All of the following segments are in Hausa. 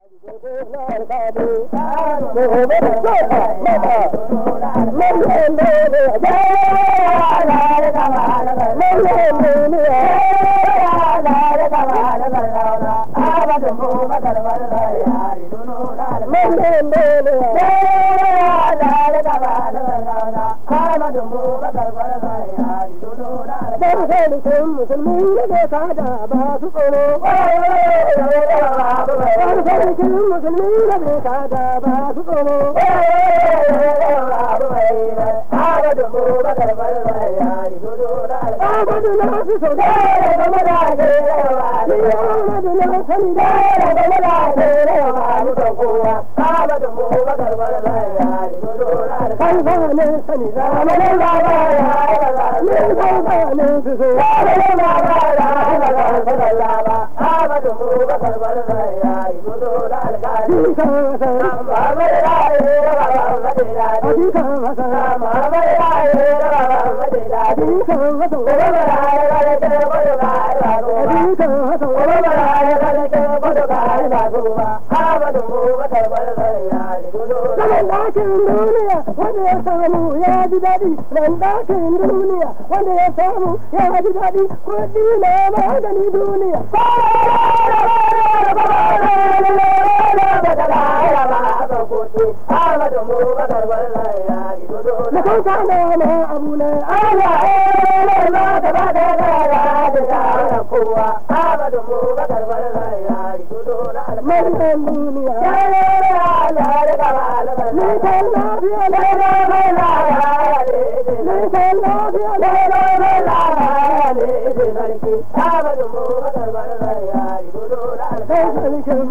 musulmi ne da kada ba su tsoro sarkin musulmi da bai kada ba su tsoro. Ahmadu na su so da da mada da yawa. Ahmadu na sani da da mada da yawa. Mu da kowa. Ahmadu mu bakar bar bayani. Kan fa ne sani da mada da yawa. Ni kan fa ne su so. Da Ahmadu Bakar Barzai ya yi gudu da a Muhammad ya yi raba Madina ya yi ya yi samu ya haji daɗi kuɗi magani duniya. Na kan kama ma ma ta ba da da da da da kowa mu ba na duniya. Ya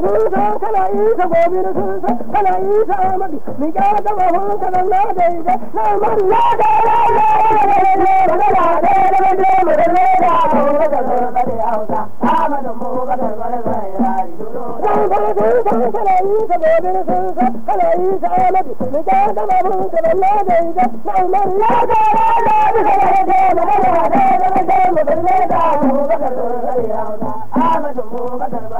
hunka kana isa gobe da sunsa kana isa amadi mi kyara da hunka da na da ida na man da na da na da na da na da na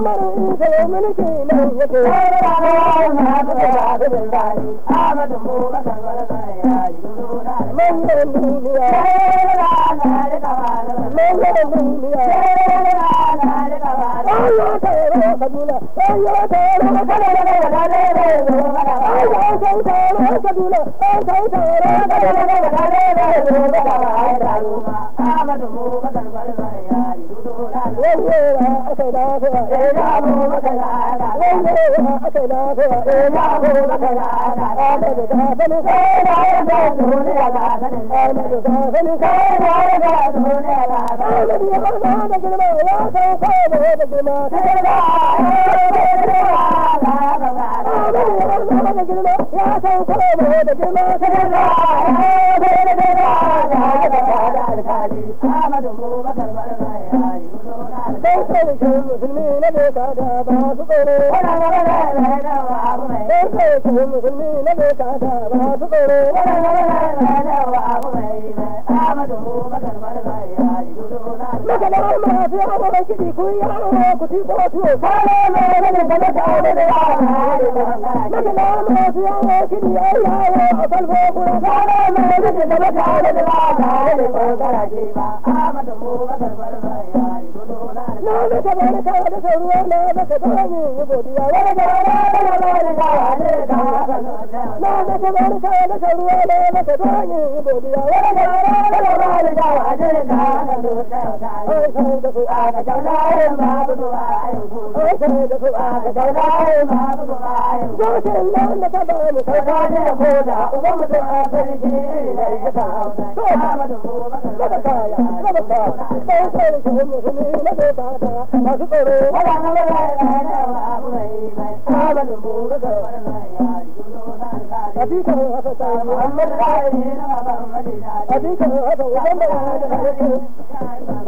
Ahmadu يا سوف يا سوف sarkin musulmi na doka da ba su tsoro. Kuna magana da hada wa abu mai. Sarkin musulmi na doka da ba su tsoro. Kuna magana da hada wa abu mai. Amadu masalmar mai ya yi dudu na. Masalar masu yawa mai kiɗi ku yi yawa ku ci ko tuwo. Kalo mai rage da mata aure da yawa. Masalar masu yawa kiɗi ya yi yawa a salfo kura. Kalo mai rage da mata aure da yawa. Amadu masalmar mai ya na maka barka da sauruwa na maka tawani yi godiya wani na wani gode nan da ta bani kai ka ji da koda uban mutum a sarki ne ya ta to Muhammadu kada ka ya kada ka sai sai ku musulmi na da ba ta masu tsoro wala na wala na na ba mai mai Muhammadu mu ga wannan ya ji Adika ne haka ta Muhammadu ne na ba Madina Adika ne haka uban da ya da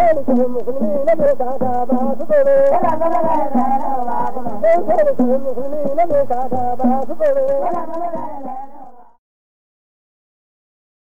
ذلكم المسلمين بك عتابا سطروا ولا ذلك المسلمين بك عتابا